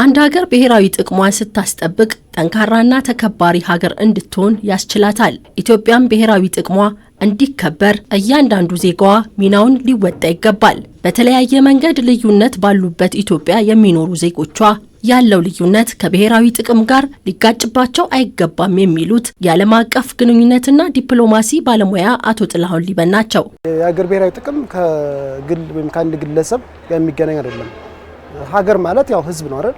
አንድ ሀገር ብሔራዊ ጥቅሟን ስታስጠብቅ ጠንካራና ተከባሪ ሀገር እንድትሆን ያስችላታል። ኢትዮጵያም ብሔራዊ ጥቅሟ እንዲከበር እያንዳንዱ ዜጋዋ ሚናውን ሊወጣ ይገባል። በተለያየ መንገድ ልዩነት ባሉበት ኢትዮጵያ የሚኖሩ ዜጎቿ ያለው ልዩነት ከብሔራዊ ጥቅም ጋር ሊጋጭባቸው አይገባም የሚሉት የዓለም አቀፍ ግንኙነትና ዲፕሎማሲ ባለሙያ አቶ ጥላሁን ሊበን ናቸው። የሀገር ብሔራዊ ጥቅም ከግል ወይም ከአንድ ግለሰብ ጋር የሚገናኝ አይደለም። ሀገር ማለት ያው ህዝብ ነው አይደል?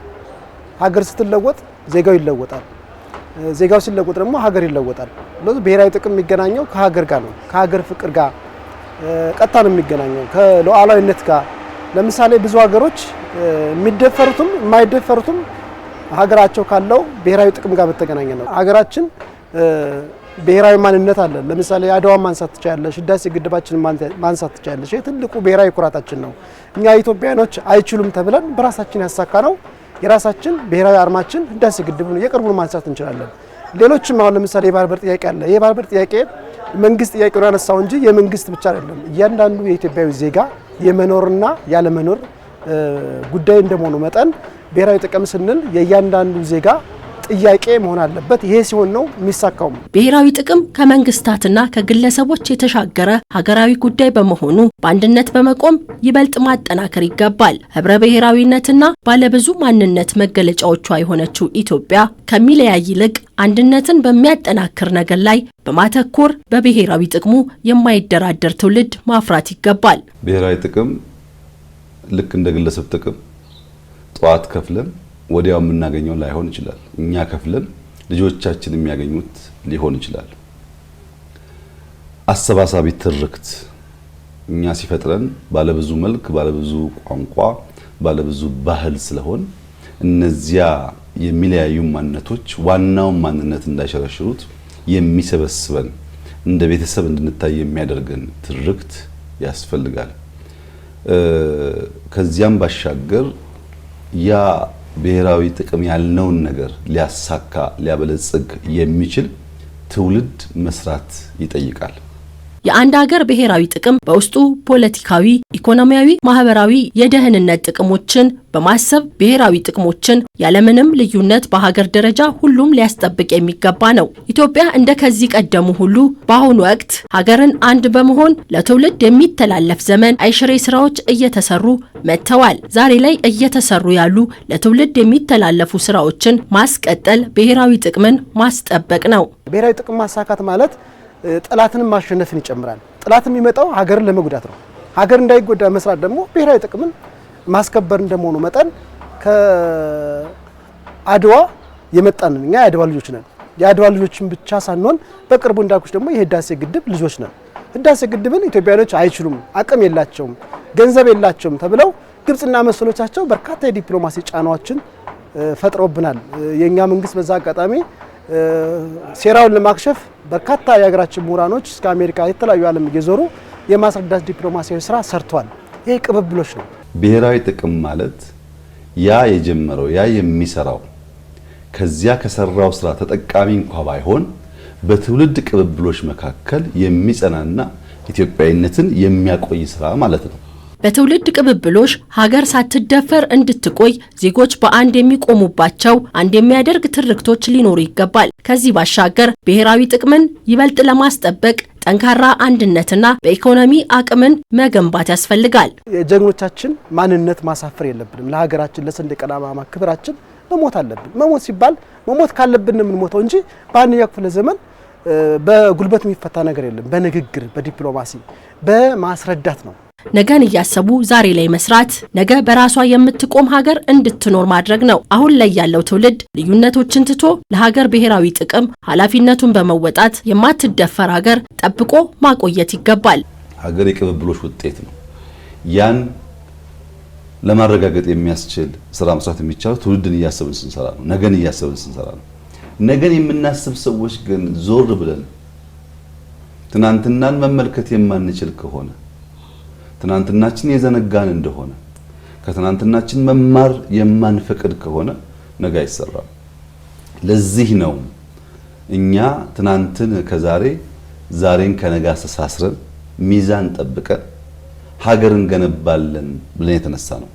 ሀገር ስትለወጥ ዜጋው ይለወጣል። ዜጋው ሲለወጥ ደግሞ ሀገር ይለወጣል። ለዚ ብሔራዊ ጥቅም የሚገናኘው ከሀገር ጋር ነው፣ ከሀገር ፍቅር ጋር ቀጥታ ነው የሚገናኘው፣ ከሉዓላዊነት ጋር። ለምሳሌ ብዙ ሀገሮች የሚደፈሩትም የማይደፈሩትም ሀገራቸው ካለው ብሔራዊ ጥቅም ጋር በተገናኘ ነው። ሀገራችን ብሔራዊ ማንነት አለ። ለምሳሌ አድዋ ማንሳት ትችላለሽ፣ ህዳሴ ግድባችን ማንሳት ትችላለሽ። ትልቁ ብሔራዊ ኩራታችን ነው። እኛ ኢትዮጵያኖች አይችሉም ተብለን በራሳችን ያሳካ ነው። የራሳችን ብሔራዊ አርማችን ህዳሴ ግድብ ነው። የቅርቡን ማንሳት እንችላለን። ሌሎችም አሁን ለምሳሌ የባህር በር ጥያቄ አለ። የባህር በር ጥያቄ መንግስት ጥያቄውን ያነሳው እንጂ የመንግስት ብቻ አይደለም። እያንዳንዱ የኢትዮጵያዊ ዜጋ የመኖርና ያለመኖር ጉዳይ እንደመሆኑ መጠን ብሔራዊ ጥቅም ስንል የእያንዳንዱ ዜጋ ጥያቄ መሆን አለበት። ይሄ ሲሆን ነው የሚሳካውም። ብሔራዊ ጥቅም ከመንግስታትና ከግለሰቦች የተሻገረ ሀገራዊ ጉዳይ በመሆኑ በአንድነት በመቆም ይበልጥ ማጠናከር ይገባል። ህብረ ብሔራዊነትና ባለብዙ ማንነት መገለጫዎቿ የሆነችው ኢትዮጵያ ከሚለያይ ይልቅ አንድነትን በሚያጠናክር ነገር ላይ በማተኮር በብሔራዊ ጥቅሙ የማይደራደር ትውልድ ማፍራት ይገባል። ብሔራዊ ጥቅም ልክ እንደ ግለሰብ ጥቅም ጠዋት ከፍለን ወዲያው የምናገኘው ላይሆን ይችላል። እኛ ከፍለን ልጆቻችን የሚያገኙት ሊሆን ይችላል። አሰባሳቢ ትርክት እኛ ሲፈጥረን ባለብዙ መልክ፣ ባለብዙ ቋንቋ፣ ባለብዙ ባህል ስለሆን እነዚያ የሚለያዩ ማንነቶች ዋናውን ማንነት እንዳይሸረሽሩት የሚሰበስበን እንደ ቤተሰብ እንድንታይ የሚያደርገን ትርክት ያስፈልጋል። ከዚያም ባሻገር ያ ብሔራዊ ጥቅም ያልነውን ነገር ሊያሳካ ሊያበለጽግ የሚችል ትውልድ መስራት ይጠይቃል። የአንድ ሀገር ብሔራዊ ጥቅም በውስጡ ፖለቲካዊ፣ ኢኮኖሚያዊ፣ ማህበራዊ የደህንነት ጥቅሞችን በማሰብ ብሔራዊ ጥቅሞችን ያለምንም ልዩነት በሀገር ደረጃ ሁሉም ሊያስጠብቅ የሚገባ ነው። ኢትዮጵያ እንደ ከዚህ ቀደሙ ሁሉ በአሁኑ ወቅት ሀገርን አንድ በመሆን ለትውልድ የሚተላለፍ ዘመን አይሽሬ ስራዎች እየተሰሩ መጥተዋል። ዛሬ ላይ እየተሰሩ ያሉ ለትውልድ የሚተላለፉ ስራዎችን ማስቀጠል ብሔራዊ ጥቅምን ማስጠበቅ ነው። ብሔራዊ ጥቅም ማሳካት ማለት ጠላትንም ማሸነፍን ይጨምራል። ጠላት የሚመጣው ሀገርን ለመጉዳት ነው። ሀገር እንዳይጎዳ መስራት ደግሞ ብሔራዊ ጥቅምን ማስከበር እንደመሆኑ መጠን ከአድዋ የመጣንን እኛ የአድዋ ልጆች ነን። የአድዋ ልጆችን ብቻ ሳንሆን በቅርቡ እንዳልኩሽ ደግሞ የህዳሴ ግድብ ልጆች ነን። ህዳሴ ግድብን ኢትዮጵያኖች አይችሉም፣ አቅም የላቸውም፣ ገንዘብ የላቸውም ተብለው ግብጽና መሰሎቻቸው በርካታ የዲፕሎማሲ ጫናዎችን ፈጥሮብናል። የእኛ መንግስት በዛ አጋጣሚ ሴራውን ለማክሸፍ በርካታ የሀገራችን ምሁራኖች እስከ አሜሪካ የተለያዩ ዓለም እየዞሩ የማስረዳት ዲፕሎማሲያዊ ስራ ሰርቷል። ይህ ቅብብሎች ነው። ብሔራዊ ጥቅም ማለት ያ የጀመረው ያ የሚሰራው ከዚያ ከሰራው ስራ ተጠቃሚ እንኳ ባይሆን በትውልድ ቅብብሎች መካከል የሚጸናና ኢትዮጵያዊነትን የሚያቆይ ስራ ማለት ነው። በትውልድ ቅብብሎሽ ሀገር ሳትደፈር እንድትቆይ ዜጎች በአንድ የሚቆሙባቸው አንድ የሚያደርግ ትርክቶች ሊኖሩ ይገባል። ከዚህ ባሻገር ብሔራዊ ጥቅምን ይበልጥ ለማስጠበቅ ጠንካራ አንድነትና በኢኮኖሚ አቅምን መገንባት ያስፈልጋል። የጀግኖቻችን ማንነት ማሳፈር የለብንም። ለሀገራችን ለሰንደቅ ዓላማ ክብራችን መሞት አለብን። መሞት ሲባል መሞት ካለብን የምንሞተው እንጂ በአንደኛው ክፍለ ዘመን በጉልበት የሚፈታ ነገር የለም። በንግግር፣ በዲፕሎማሲ፣ በማስረዳት ነው ነገን እያሰቡ ዛሬ ላይ መስራት ነገ በራሷ የምትቆም ሀገር እንድትኖር ማድረግ ነው። አሁን ላይ ያለው ትውልድ ልዩነቶችን ትቶ ለሀገር ብሔራዊ ጥቅም ኃላፊነቱን በመወጣት የማትደፈር ሀገር ጠብቆ ማቆየት ይገባል። ሀገር የቅብብሎች ውጤት ነው። ያን ለማረጋገጥ የሚያስችል ስራ መስራት የሚቻለው ትውልድን እያሰብን ስንሰራ ነው። ነገን እያሰብን ስንሰራ ነው። ነገን የምናስብ ሰዎች ግን ዞር ብለን ትናንትናን መመልከት የማንችል ከሆነ ትናንትናችን የዘነጋን እንደሆነ ከትናንትናችን መማር የማንፈቅድ ከሆነ ነገ አይሰራም። ለዚህ ነው እኛ ትናንትን ከዛሬ ዛሬን ከነገ አስተሳስረን ሚዛን ጠብቀን ሀገር እንገነባለን ብለን የተነሳ ነው።